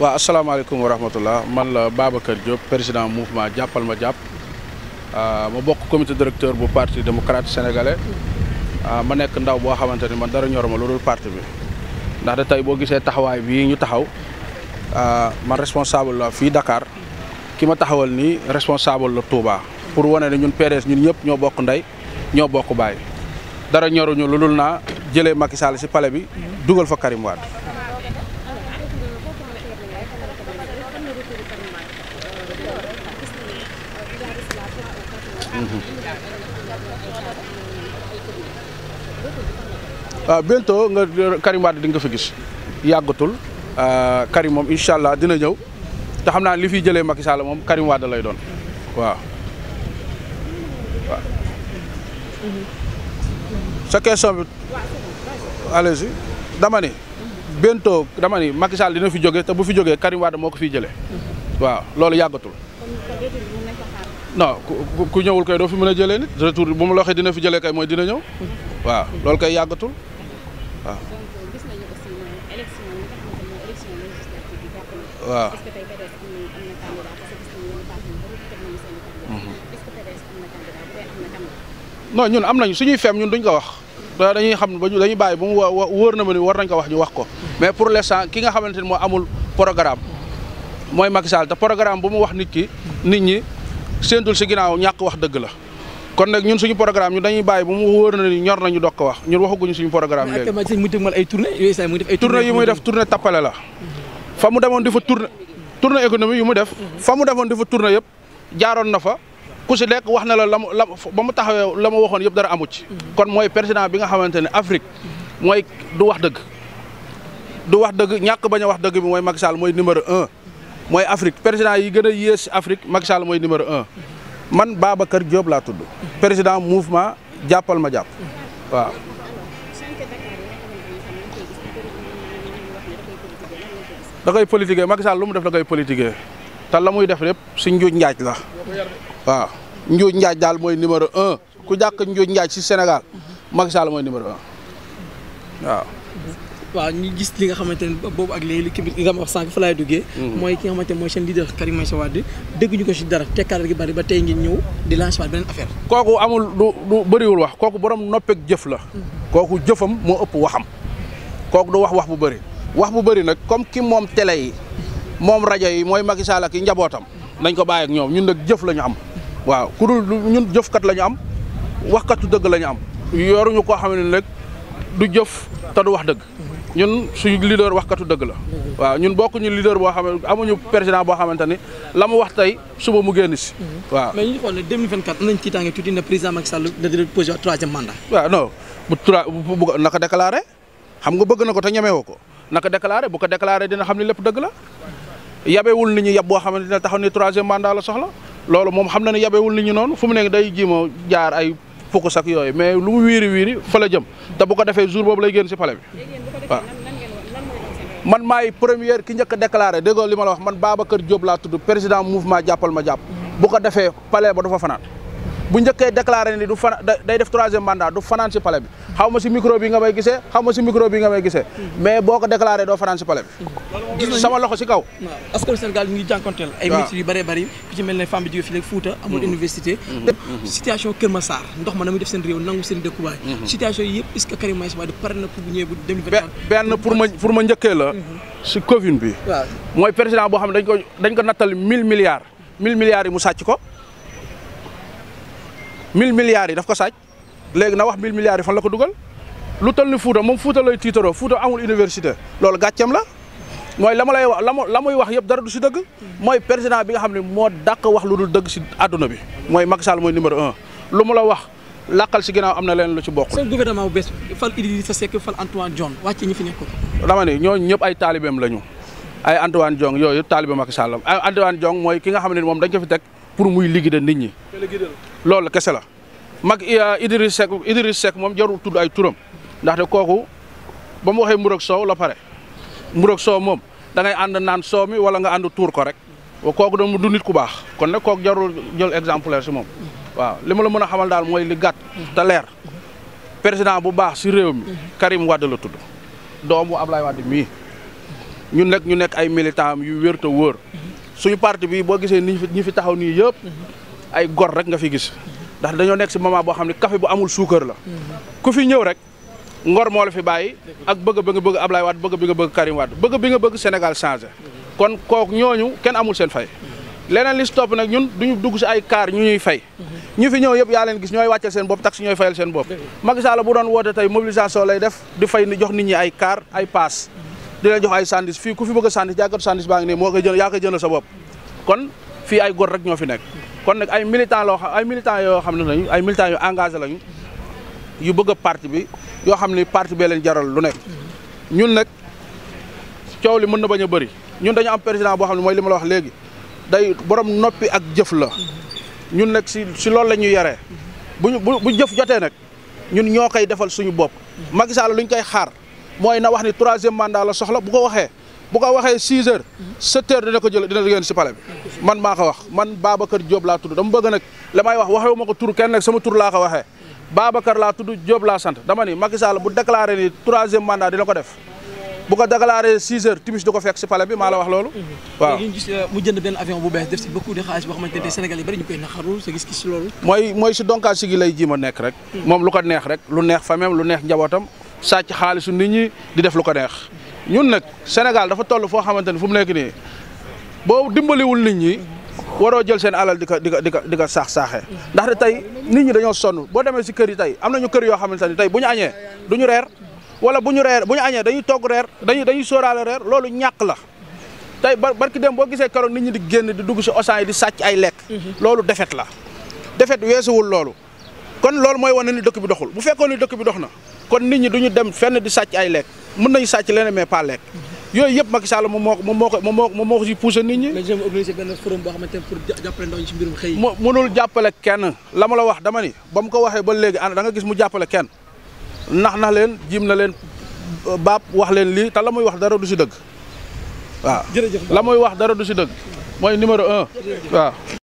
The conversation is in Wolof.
waaw asalaamaaleykum wa rahmatullah man la Babacar Diop président mouvement jàppal ma jàpp ah, ma bokk commité directeur bu parti démocrate sénégalais ah, ma nekk ndaw boo xamante ni man dara ñor ma lu dul parti bi ndax da tey boo gisee taxawaay bii ñu taxaw ah, man responsable la fii Dakar ki ma taxawal nii responsable la Touba pour wane na ñun PDS ñun ñëpp ñoo bokk ndey ñoo bokk baay dara ñoruñu lu dul naa jëlee Macky Sall si palais bi dugal fa Karim waaw ah, bientôt nga Karim Wade di fa gis yàggatul ah, Karim moom incha dina ñëw te xam naa li fiy jëlee Macky moom Karim Wade lay doon waaw waaw sa question bi allez-y dama ni bientôt dama ni Macky dina fi jóge te bu fi jógee Karim Wade moo ko fiy jëlee waaw loolu yàggatul non ku ñëwul kay doo fi mën a jëlee nit retour bu ma la waxee dina fi jëlee kay mooy dina ñëw waaw loolu kay yàggatul waaw. waaw ñun am nañu suñuy fem ñun duñ ko wax dañuy xam ba dañuy bàyyi ba mu wóor na ma ni war nañ ko wax ñu wax ko mais pour l'instant ki nga xamante ni mooy amul programme mooy Macky Sall te programme bu mu wax nit ki nit ñi. séentul si ginnaaw ñàkk wax dëgg la kon nag ñun suñu programme ñu dañuy bàyyi ba mu wóor na ni ñor nañu dog ko wax ñun waxaguñu suñu programme léegi tournée yi muy def tournée tappale la fa mu demoon di fa tournée tournée économie yu mu def fa mu defoon di fa tournée yëpp jaaroon na fa ku si lekk wax na la la la ba mu taxawee la ma waxoon yëpp dara amu ci kon mooy président bi nga xamante ne Afrique mooy du wax dëgg du wax dëgg ñàkk bañ a wax dëgg bi mooy Macky Sall mooy numéro mooy Afrique président yi gën a yées Afrique Macky Sall mooy numéro un man Babacar Diop laa tudd. président mouvement jàppal ma jàpp waaw. da koy politiquer lu mu def da koy politiquer te la muy def lépp si njuuj njaaj la waaw njuuj njaaj daal mooy numéro un ku jàkk njuuj njaaj si Sénégal Macky Sall mooy numéro un waaw. waaw ñu gis li nga xamante ne boobu ak léegi li kii bi dama wax sànq duggee. Mhm. mooy ki nga xamante ne mooy seen leader Karim Meïssa Wade dégg ñu ko ci dara tekkaaral gi bari ba tey ngeen ñëw di lancer waat beneen affaire. kooku amul du du bëriwul wax kooku borom noppeeg jëf la. Mhm. kooku jëfam moo ëpp waxam. kooku du wax wax bu bëri. wax bu bëri nag comme ki moom télé yi moom rajo yi mooy Macky Sall njabootam nañ ko bàyyi ak ñoom ñun nag jëf lañu am. waaw ku dul ñun jëfkat la ñu am waxkatu dëgg la ñu am yoruñu koo xam ne nag du jëf wax dëgg mhm. ñun suñu leader waxkatu dëgg la waaw ñun bokkuñu leader boo xam ne amuñu président boo xamante ni la mu wax tey suba mu génn si mhm. waaw mais ñu xool ne nañ tiitaange tuuti ne président Macky Sall dina posé troisième mandat waaw non bu xam nga bëgg na ko te ñemewoo ko naka déclaré bu ko déclaré dina xam ne lépp dëgg la wul nit ñu yab boo xam ne dina ne ni troisième mandat la soxla loolu moom xam na ne yabewul nit ñu noonu fu mu nekk day jiima jaar ay focus ak yooyu mais lu mu wiiri wiiri fa la jëm te bu ko defee jour boobu lay génn si pale waaw man maay première ki njëkk a déclaré déggoo li ma la wax man Babacar Diop laa tudd président mouvement jàppal ma jàpp bu ko defee palais ba dafa fanaan bu njëkkee déclaré ni du fan day def troisième mandat du fanaan si palais bi xaw ma si micro bi nga may gisee xaw ma si micro bi nga may gisee mais boo ko déclaré doo fanaan si palais bi sama loxo si kaw askan Sénégal mi ngi jànkonteel ay ministres yu bëree bëri ku ci mel ne femme bi jóge fii mm-hmm. mm-hmm. mm-hmm. na muy def seen réew nangu seen dëkkuwaay situation yi pare na pour bu bu dem benn pour ma pour ma njëkkee la si Covid bi mooy président boo xam ne dañ ko dañ ko nattal mille milliards mille milliards yi mu sàcc ko mill milliards yi daf ko saaj léegi na wax mille milliards yi fan la ko dugal lu toll ni Fouta moom Fouta lay tiitaroo Fouta amul université loolu gàcceem la mooy la lay wax la ma la muy wax yëpp dara du si dëgg mooy président bi nga xam ne moo dàq wax lu dul dëgg si àdduna bi mooy Macky Sall mooy numéro lu mu la wax làqal si ginnaaw am na leneen lu ci bokk. seen gouvernement bu bees fal Idrissa Seck fal Antoine Diome wàcce ñi fi nekkoon. dama ne ñooñu ñëpp ay taalibeem lañu ay Antoine Diome yooyu yëpp taalibe Macky Sall ay Antoine Diome nga xam ne moom dañ ko fi teg pour muy liggéey nit ñi. loolu la kese la mag Idriss Seck Idriss Seck moom jarul tudd ay turam ndaxte kooku ba mu waxee mburok soow la pare mburok soow moom dangay ngay ànd naan soow mi wala nga ànd tuur ko rek kooku doon mu du ku baax kon nag kook jarul jël exemple si moom waaw li ma la mën a xamal daal mooy li gàtt te leer président bu baax si réew mi Karim Wade la tudd doomu Ablaye Wade mii ñu nekk ñu nekk ay militant yu wér te wóor suñu parti bi boo gisee ni ñu fi taxaw nii yëpp ay gor rek nga fi gis ndax dañoo nekk si moment boo xam ne café bu amul suukar la ku fi ñëw rek ngor moo la fi bàyyi ak bëgg bi nga bëgg Ablaye Wade bëgg bi nga bëgg Karim Wade bëgg bi nga bëgg Sénégal changé kon kooku ñooñu kenn amul seen fay leneen li si topp nag ñun duñu dugg si ay kaar ñu ñuy fay ñu fi ñëw yëpp yaa leen gis ñooy wàcceel seen bopp tax ñooy fayal seen bopp Macky Sall bu doon woote tey mobilisation lay def di fay ni jox ni ñi ay kaar ay paas di jox ay sandis fii ku fi bëgg a sandis jaakatu baa ngi moo koy jënd yaa koy jëndal sa bopp fii ay góor rek ñoo fi nekk kon nag ay militant loo xam ay militant yoo xam ne lañu ay militants yu engage lañu yu bëgg a parti bi yoo xam ne parti bee leen jaral lu nekk ñun nag coow li mën na bañ a bëri ñun dañu am président boo xam ne mooy li ma la wax léegi day borom noppi ak jëf la ñun nag si si loolu la ñuy yaree bu bu jëf jotee nag ñun ñoo koy defal suñu bopp Macky Sall lu koy xaar mooy na wax ni troisième mandat la soxla bu ko waxee bu ko waxee 6 heures 7 heures dina ko jël dina yónni si palais bi man maa ko wax man Babacar Diop laa tudd dama bëgg nag la may wax waxewu ma ko tur kenn nag sama tur laa ko waxee Babacar laa tudd Diop laa sant dama ni Macky Sall bu déclaré ni troisième mandat dina ko def bu ko déclaré 6 heures timis du ko fekk si palais bi maa la wax loolu mhm. waaw ñu gis euh, mu jënd benn avion bu bees def si beaucoup de xaalis boo xamante ne Sénégal yi bari ñu koy naxaru gis si loolu mooy mooy si donkaa si lay ji ma nekk rek mhm. moom lu ko neex rek lu neex famem lu neex njabootam sàcc xaalisu nit ñi di def lu ko neex ñun nag Sénégal dafa toll foo xamante ni fu mu nekk nii boo dimbaliwul nit ñi waroo jël seen alal di ko di ko di ko di ko saax saaxe ndaxte tey nit ñi dañoo sonn boo demee si kër yi tey am nañu kër yoo xamante ni tey bu ñu añee du ñu reer wala bu ñu reer bu ñu añee dañuy togg reer dañuy dañuy sóoraale reer loolu ñàkk la tey ba barki dem boo gisee keroog nit ñi di génn di dugg si osaan yi di sàcc ay lekk. Mhm. loolu defet la defet weesuwul loolu. kon loolu mooy wane ni dëkk bi doxul bu fekkoon ni dëkk bi dox na kon nit ñi du ñu dem fenn di sàcc ay lekk. mun nañu sàcc leneen mais pas yooyu yëpp Macky Sall moom moo ko moo ko moo ko moo poussé nit ñi. mais organisé benn forum boo xamante ne pour jàppale ndaw ñi si mu mënul jàppale kenn la ma la wax dama ni ba mu ko waxee ba léegi ah, da danga gis mu jàppale kenn nax na leen jim na leen baab wax leen lii te la muy wax dara du si dëgg waaw. la muy wax dara du si dëgg mooy numéro un waaw.